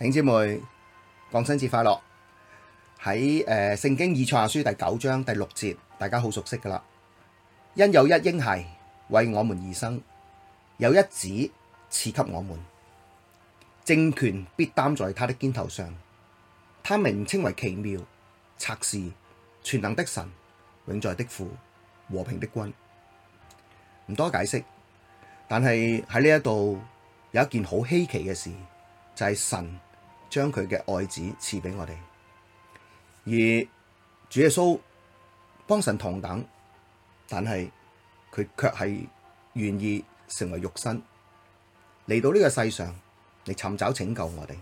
兄姐妹，降生節快樂！喺誒、呃《聖經以賽亞書》第九章第六節，大家好熟悉噶啦。因有一嬰孩為我們而生，有一子賜給我們，政權必擔在他的肩頭上。他名稱為奇妙、策士、全能的神、永在的父、和平的君。唔多解釋，但係喺呢一度有一件好稀奇嘅事，就係、是、神。將佢嘅愛子賜俾我哋，而主耶穌幫神同等，但係佢卻係願意成為肉身嚟到呢個世上嚟尋找拯救我哋。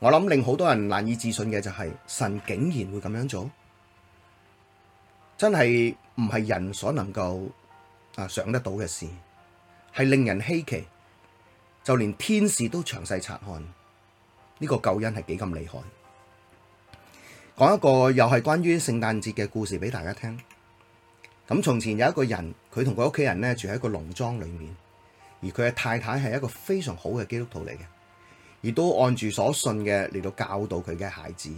我諗令好多人難以置信嘅就係、是、神竟然會咁樣做，真係唔係人所能夠啊想得到嘅事，係令人稀奇，就連天使都詳細察看。呢個救恩係幾咁厲害？講一個又係關於聖誕節嘅故事俾大家聽。咁從前有一個人，佢同佢屋企人咧住喺一個農莊裏面，而佢嘅太太係一個非常好嘅基督徒嚟嘅，亦都按住所信嘅嚟到教導佢嘅孩子。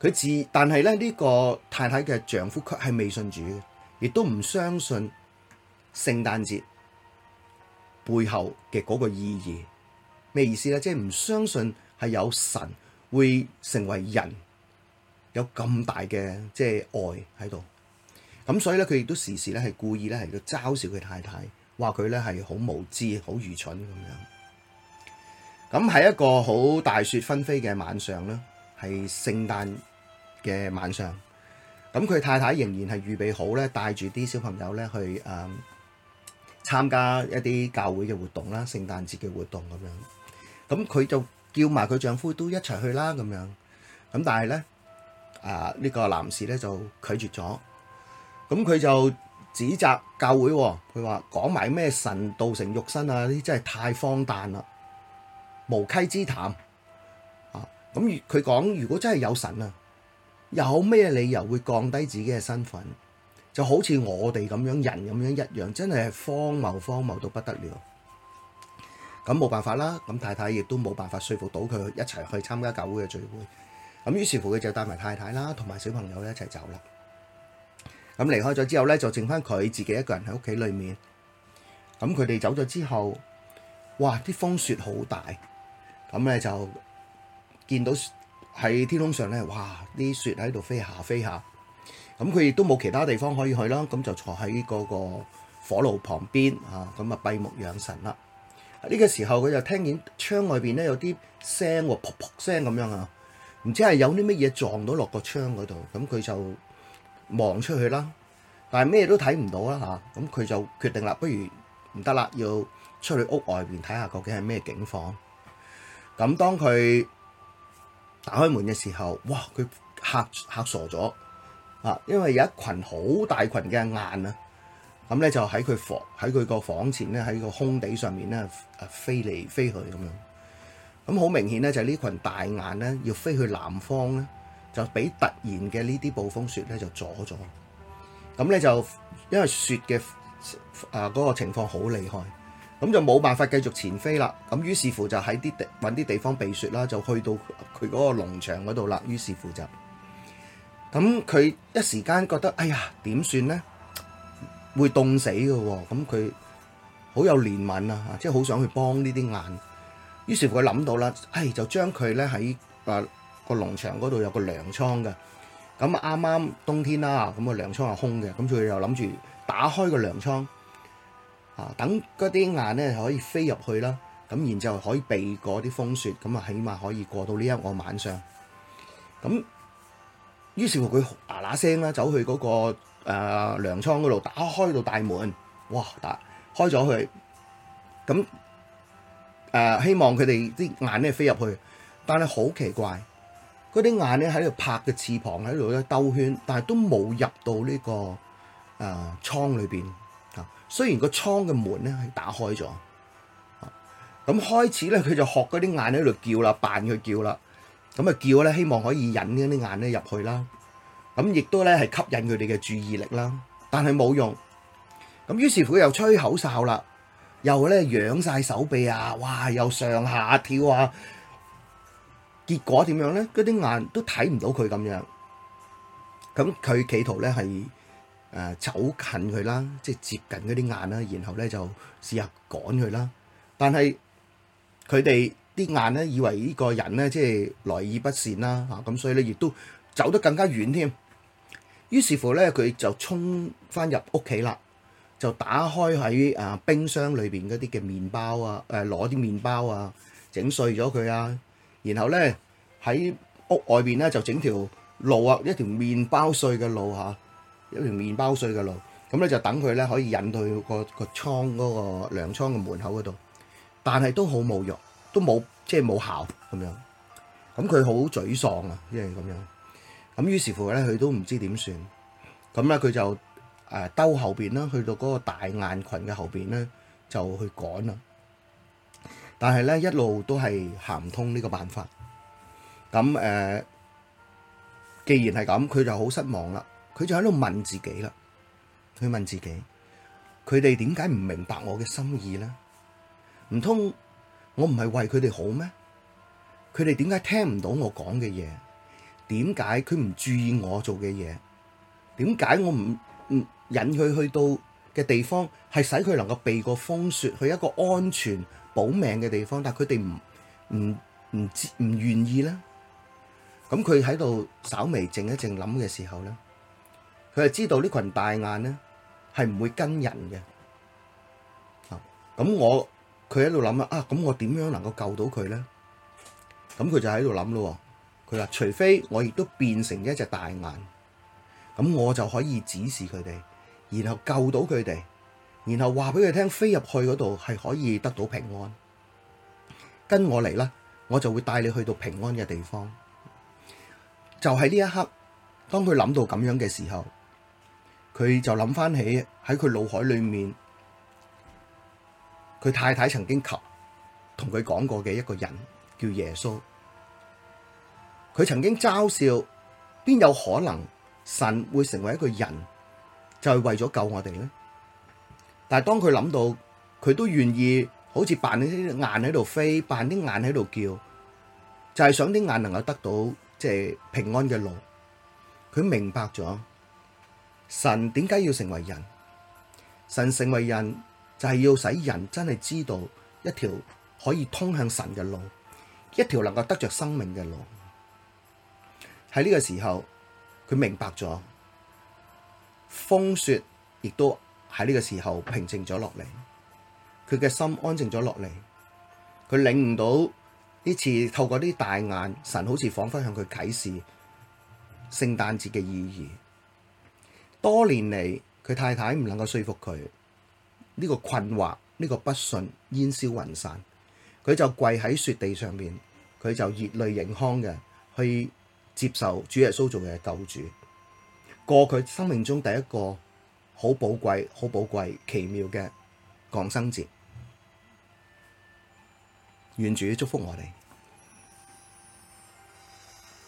佢自但係咧呢個太太嘅丈夫卻係未信主，亦都唔相信聖誕節背後嘅嗰個意義。咩意思咧？即係唔相信。係有神會成為人，有咁大嘅即係愛喺度。咁所以咧，佢亦都時時咧係故意咧係嚟嘲笑佢太太，話佢咧係好無知、好愚蠢咁樣。咁、嗯、喺一個好大雪紛飛嘅晚上咧，係聖誕嘅晚上。咁、嗯、佢太太仍然係預備好咧，帶住啲小朋友咧去誒參、嗯、加一啲教會嘅活動啦，聖誕節嘅活動咁樣。咁、嗯、佢就，叫埋佢丈夫都一齊去啦，咁樣，咁但係咧，啊呢、這個男士咧就拒絕咗，咁佢就指責教會、哦，佢話講埋咩神道成肉身啊，呢啲真係太荒誕啦，無稽之談啊！咁佢講如果真係有神啊，有咩理由會降低自己嘅身份？就好似我哋咁樣人咁樣一樣，真係荒謬，荒謬到不得了。咁冇辦法啦，咁太太亦都冇辦法說服到佢一齊去參加教會嘅聚會。咁於是乎，佢就帶埋太太啦，同埋小朋友一齊走啦。咁離開咗之後咧，就剩翻佢自己一個人喺屋企裏面。咁佢哋走咗之後，哇！啲風雪好大，咁咧就見到喺天空上咧，哇！啲雪喺度飛下飛下。咁佢亦都冇其他地方可以去啦，咁就坐喺嗰個火爐旁邊啊，咁啊閉目養神啦。呢個時候佢就聽見窗外邊咧，有啲聲喎，噗噗聲咁樣到到啊，唔知係有啲乜嘢撞到落個窗嗰度，咁佢就望出去啦，但係咩都睇唔到啦嚇，咁佢就決定啦，不如唔得啦，要出去屋外邊睇下究竟係咩境況。咁當佢打開門嘅時候，哇！佢嚇嚇傻咗啊，因為有一群好大群嘅雁。啊！咁咧就喺佢房，喺佢個房前咧，喺個空地上面咧啊飛嚟飛去咁樣，咁好明顯咧就係呢群大雁咧要飛去南方咧，就俾突然嘅呢啲暴風雪咧就阻咗。咁咧就因為雪嘅啊嗰個情況好厲害，咁就冇辦法繼續前飛啦。咁於是乎就喺啲地搵啲地方避雪啦，就去到佢嗰個農場嗰度啦。於是乎就咁佢一時間覺得哎呀點算咧？會凍死嘅，咁佢好有憐憫啊，即係好想去幫呢啲雁。於是乎佢諗到啦，唉，就將佢咧喺誒個農場嗰度有個糧倉嘅。咁啱啱冬天啦，咁個糧倉係空嘅。咁佢又諗住打開個糧倉啊，等嗰啲雁咧可以飛入去啦。咁、啊、然之後可以避過啲風雪，咁、嗯、啊起碼可以過到呢一個晚上。咁、嗯、於是乎佢嗱嗱聲啦，走去嗰、嗰個。誒糧倉嗰度打開到大門，哇！打，打，打開咗佢，咁誒、呃、希望佢哋啲雁咧飛入去，但係好奇怪，嗰啲雁咧喺度拍嘅翅膀喺度咧兜圈，但係都冇入到呢、這個誒倉裏邊啊。雖然個倉嘅門咧係打開咗，咁開始咧佢就學嗰啲雁喺度叫啦，扮佢叫啦，咁啊叫咧希望可以引嗰啲雁咧入去啦。咁亦都咧係吸引佢哋嘅注意力啦，但係冇用。咁於是乎又吹口哨啦，又咧揚晒手臂啊，哇，又上下跳啊。結果點樣咧？嗰啲雁都睇唔到佢咁樣。咁佢企圖咧係誒走近佢啦，即係接近嗰啲雁啦，然後咧就試下趕佢啦。但係佢哋啲雁咧以為呢個人咧即係來意不善啦，吓、啊、咁所以咧亦都走得更加遠添。於是乎咧，佢就衝翻入屋企啦，就打開喺啊冰箱裏邊嗰啲嘅麵包啊，誒攞啲麵包啊，整碎咗佢啊，然後咧喺屋外邊咧就整條路，路啊，一條麵包碎嘅路嚇，一條麵包碎嘅路，咁咧就等佢咧可以引到、嗰個、嗰個倉嗰、嗰個糧倉嘅門口嗰度，但係都好無用，都冇即係冇效咁樣，咁佢好沮喪啊，因為咁樣。咁於是乎咧，佢都唔知點算，咁咧佢就誒兜後邊啦，去到嗰個大雁羣嘅後邊咧，就去趕啦。但係咧一路都係行唔通呢個辦法。咁誒，既然係咁，佢就好失望啦。佢就喺度問自己啦，佢問自己：佢哋點解唔明白我嘅心意咧？唔通我唔係為佢哋好咩？佢哋點解聽唔到我講嘅嘢？點解佢唔注意我做嘅嘢？點解我唔唔引佢去到嘅地方係使佢能夠避過風雪去一個安全保命嘅地方？但係佢哋唔唔唔知唔願意咧。咁佢喺度稍微靜一靜諗嘅時候咧，佢係知道呢群大雁咧係唔會跟人嘅。啊，咁我佢喺度諗啦啊，咁我點樣能夠救到佢咧？咁佢就喺度諗咯。佢話：除非我亦都變成一隻大雁，咁我就可以指示佢哋，然後救到佢哋，然後話俾佢聽，飛入去嗰度係可以得到平安。跟我嚟啦，我就會帶你去到平安嘅地方。就喺呢一刻，當佢諗到咁樣嘅時候，佢就諗翻起喺佢腦海裏面，佢太太曾經及同佢講過嘅一個人叫耶穌。佢曾經嘲笑，邊有可能神會成為一個人，就係為咗救我哋呢？但係當佢諗到，佢都願意好似扮啲雁喺度飛，扮啲雁喺度叫，就係想啲雁能夠得到即係平安嘅路。佢明白咗神點解要成為人，神成為人就係要使人真係知道一條可以通向神嘅路，一條能夠得着生命嘅路。喺呢個時候，佢明白咗，風雪亦都喺呢個時候平靜咗落嚟。佢嘅心安靜咗落嚟，佢領悟到呢次透過啲大雁，神好似仿佛向佢啟示聖誕節嘅意義。多年嚟，佢太太唔能夠說服佢呢、這個困惑，呢、這個不信煙消雲散。佢就跪喺雪地上面，佢就熱淚盈眶嘅去接受主耶穌做嘅救主，過佢生命中第一個好寶貴、好寶貴、奇妙嘅降生節，願主祝福我哋。